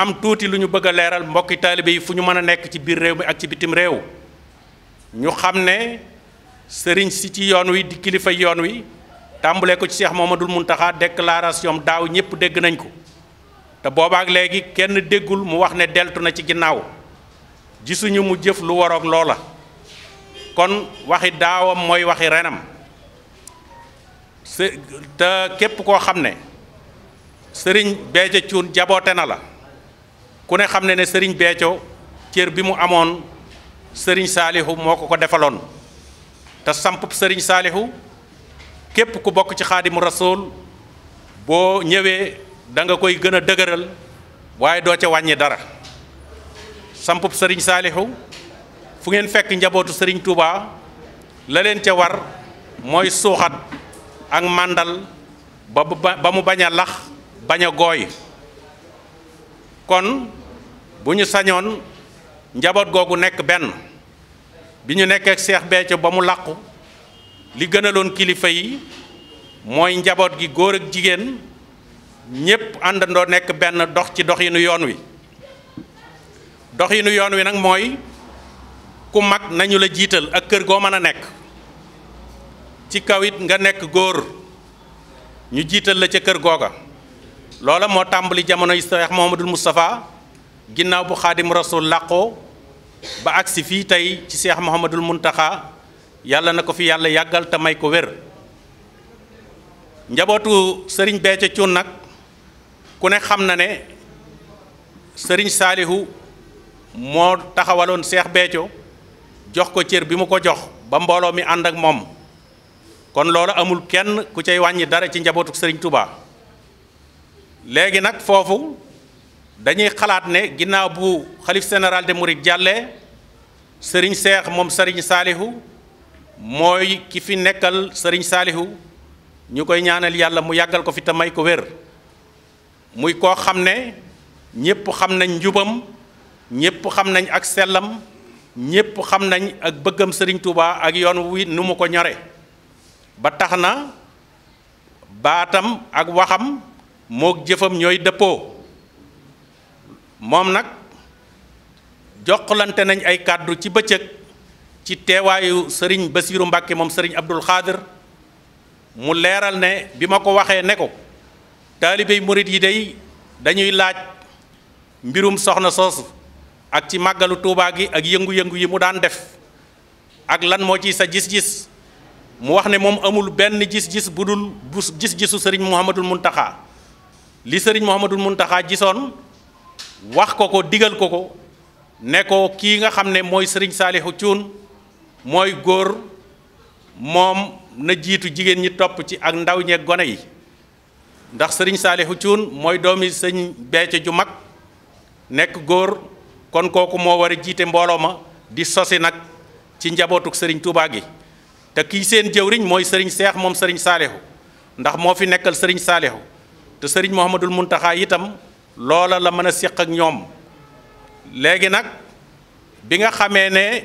am tuuti lu ñu bëgg a leeral mbokki taalibe yi fu ñu mën a nekk ci biir réew mi ak ci bitim réew ñu xam ne sëriñ si ci yoon wi di kilifa yoon wi tàmbulee ko ci Cheikh Mamadou Mountakha déclaration daaw ñëpp dégg nañ ko te boobaak léegi kenn déggul mu wax ne deltu na ci ginnaaw gisuñu mu jëf lu waroog loola kon waxi daawam mooy waxi renam te képp koo xam ne sëriñ Béthio Thioune jaboote na la ku ne xam ne ne sëriñ Béthio cër bi mu amoon sëriñ saalihu moo ko ko defaloon te samp sëriñ saalihu képp ku bokk ci xaadimu rasul boo ñëwee da nga koy gën a dëgëral waaye doo ca wàññi dara sampub sëriñ saalihu fu ngeen fekk njabootu sëriñ Touba la ca war mooy suuxat ak màndal ba mu baña lax bañ a gooy kon bu ñu sañoon njaboot googu nekk benn bi ñu nekk ak Seex Béthio ba mu làqu li gënaloon kilifa yi mooy njaboot gi góor ak jigéen ñépp àndandoo nekk benn dox ci doxinu yoon wi doxinu yoon wi nag mooy ku mag nañu la jiital ak kër goo mën a nekk ci kaw it nga nekk góor ñu jiital la ca kër googa loola moo tàmbali jamono yi Seex Muhammadul mustafa ginnaaw bu xaadim rasul làqoo ba agsi fii tey ci Seex Muhammadul Muntaxa yàlla na ko fi yàlla yàggal te may ko wér njabootu sëriñ Béthio Thioune nag ku ne xam na ne sëriñ saalihu moo taxawaloon Seex Béthio jox ko cér bi mu ko jox ba mbooloo mi ànd ak moom kon loola amul kenn ku cay wàññi dara ci njabootu sëriñ Touba. léegi nag foofu dañuy xalaat ne ginnaaw bu xalif sénéral de Mouride jàlle sëriñ seex moom sëriñ saalihu mooy ki fi nekkal sëriñ saalihu ñu koy ñaanal yàlla mu yàggal ko fi te may ko wér muy koo xam ne ñépp xam nañ njubam ñépp xam nañ ak sellam ñépp xam nañ ak bëggam sëriñ Touba ak yoon wi nu mu ko ñore ba tax na baatam ak waxam mook jëfam ñooy dëppoo moom nag joxlante nañ ay kàddu ci bëccëg ci teewaayu sëriñ Basiiru Mbàkke moom sëriñ Abdul Xaadir mu leeral ne bi ma ko waxee ne ko taalibey murit yi day dañuy laaj mbirum soxna soosu ak ci màggalu Tuubaa gi ak yëngu-yëngu yi mu daan def ak lan moo ci sa gis-gis mu wax ne moom amul benn gis-gis bu dul bu gis-gisu sëriñ Muhammadul Muntaxaa li sëriñ mun Mountakha jisoon wax ko ko digal ko ko ne ko kii nga xam ne mooy sëriñ Saalihu Cuun mooy góor moom na jiitu jigéen ñi topp ci ak ndaw ñeeg gone yi ndax sëriñ Saalihu Cuun mooy doomi sëñ Béthio ju mag nekk góor kon kooku moo war a jiite mbooloo ma di sosi nag ci njabootuk sëriñ Touba gi te kii seen jëwriñ mooy sëriñ Seex moom sëriñ Saalihu ndax moo fi nekkal sëriñ Saalihu te sëriñ Mouhamadul Muntaxa itam loola la mën a séq ak ñoom léegi nag bi nga xamee ne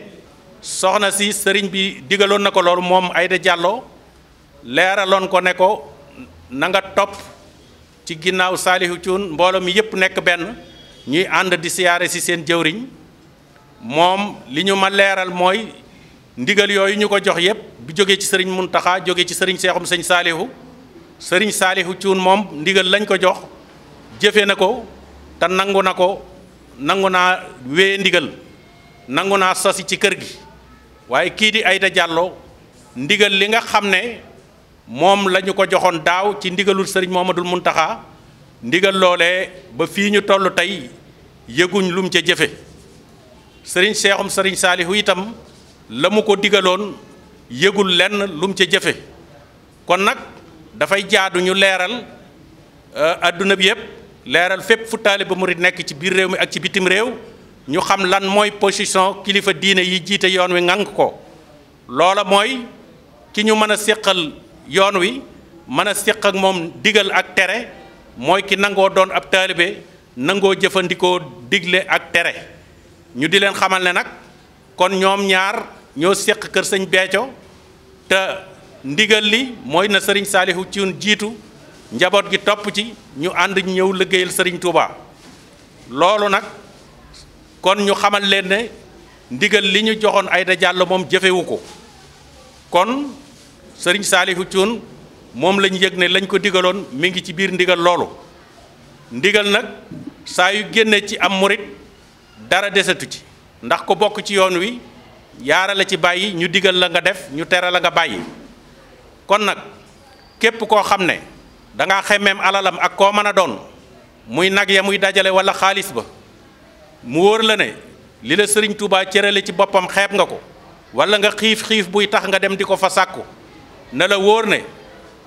soxna si sëriñ bi digaloon na ko loolu moom ayda jàlloo leeraloon ko ne ko nanga nga topp ci ginnaaw Saalihu Cuun mbooloo mi yëpp nekk benn ñuy ànd di siyaare si seen jëwriñ moom li ñu ma leeral mooy ndigal yooyu ñu ko jox yëpp bu jógee ci sëriñ Muntaxa jóge ci sëriñ Seexum sëñ Saalihu sëriñ saalihu cuun moom ndigal lañ ko jox jëfe na ko te nangu na ko nangu naa wee ndigal nangu naa sasi ci kër gi waaye kii di Aïda Diallo ndigal li nga xam ne moom la ko joxoon daaw ci ndigalul sëriñ Mouhamadoul Mountakha ndigal loole ba fii ñu toll tey yëguñ lum ca jëfe sëriñ seexum sëriñ saalihu itam la mu ko digaloon yëgul lenn lum ca jëfe kon nag dafay jaadu ñu leeral euh, adduna bi yëpp leeral fépp fu taaliba murid nekk ci biir réew mi ak ci bitim réew ñu xam lan mooy position kilifa diine yi jiite yoon wi ngang ko loola mooy ki ñu mën a séqal yoon wi mën a séq ak moom digal ak tere mooy ki nangoo doon ab taalibe nangoo jëfandikoo digle ak tere ñu di leen xamal ne nag kon ñoom ñaar ñoo séq kër sëñ Béthio te ndigal li mooy na sëriñ saalihu ciun jiitu njaboot gi topp ci ñu ànd ñëw liggéeyal sëriñ Touba loolu nag kon ñu xamal leen ne ndigal li ñu joxoon ay Diallo moom jëfewu ko kon sëriñ saalihu cuun moom lañu yëg ne lañ ko digaloon mi ngi ci biir ndigal loolu ndigal nag saa yu génne ci am murit dara desetu ci ndax ko bokk ci yoon wi yaara la ci bàyyi ñu digal la nga def ñu teral la nga bàyyi kon nag képp koo xam ne da ngaa xemmeem alalam ak koo mën a doon muy nag ya muy dajale wala xaalis ba mu wóor la ne li la sëriñ Touba la ci boppam xeeb nga ko wala nga xiif xiif buy tax nga dem di ko fa sàkku na la wóor ne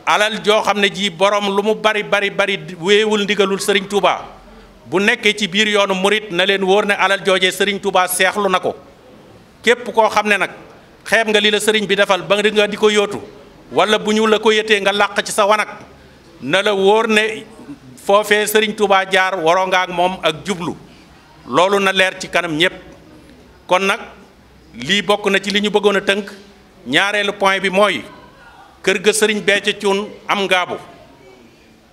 alal joo xam ne jii borom lu mu bari bari bari wéewul ndigalul sëriñ Touba bu nekkee ci biir yoonu murit na leen wóor ne alal joojee sëriñ Touba seexlu na ko képp koo xam ne nag xeeb nga li la sëriñ bi defal ba nga di ko yóotu wala bu ñu la ko yëtee nga làq ci sa wanag na la wóor ne foofee sëriñ Touba jaar waroo nga ak moom ak jublu loolu na leer ci kanam ñépp kon nag lii bokk na ci li ñu bëggoon a tënk ñaareelu point bi mooy kër ga sëriñ Béthio Thioune am ngaabu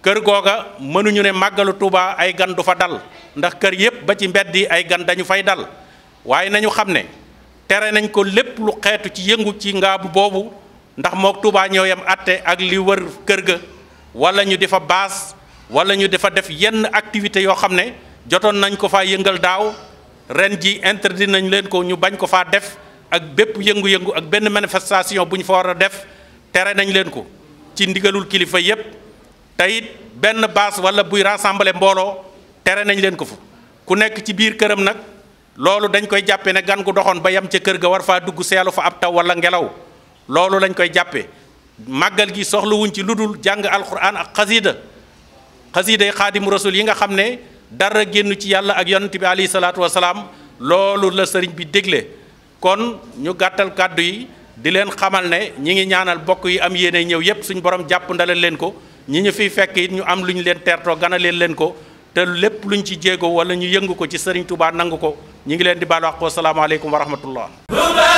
kër googa mënuñu ne màggalu Touba ay gan du fa dal ndax kër yépp ba ci mbedd yi ay gan dañu fay dal waaye nañu xam ne tere nañ ko lépp lu xeetu ci yëngu ci ngaabu boobu ndax moo Touba ñoo yam atte ak li wër kër ga wala ñu di fa baas wala ñu di fa def yenn activité yoo xam ne jotoon nañ ko fa yëngal daaw ren ji interdit nañ leen ko ñu bañ ko faa def ak bépp yëngu-yëngu ak benn manifestation bu ñu fa war a def tere nañ leen ko ci ndigalul kilifa yépp teyit benn baas wala buy rassembler mbooloo tere nañ leen ko fu ku nekk ci biir këram nag loolu dañ koy jàppe ne gan gu doxoon ba yam ca kër ga war faa dugg seelu fa ab taw wala ngelaw loolu lañ koy jàppee màggal gi soxlawuñ ci lu dul jàng alxuraan ak xasiida xasiiday xaadimu rasul yi nga xam ne dara génn ci yàlla ak yonent bi alayhi salaatu wasalaam loolu la sëriñ bi dégle kon ñu gàttal kàddu yi di leen xamal ne ñi ngi ñaanal bokk yi am yéene ñëw yépp suñ borom jàpp ndalal leen ko ñi ñu fiy fekk it ñu am lu ñu leen teertoo ganaleen leen ko te lépp luñ ci jéego wala ñu yëngu ko ci sëriñ Touba nangu ko ñi ngi leen di baal ko salaamaaleykum wa rahmatullah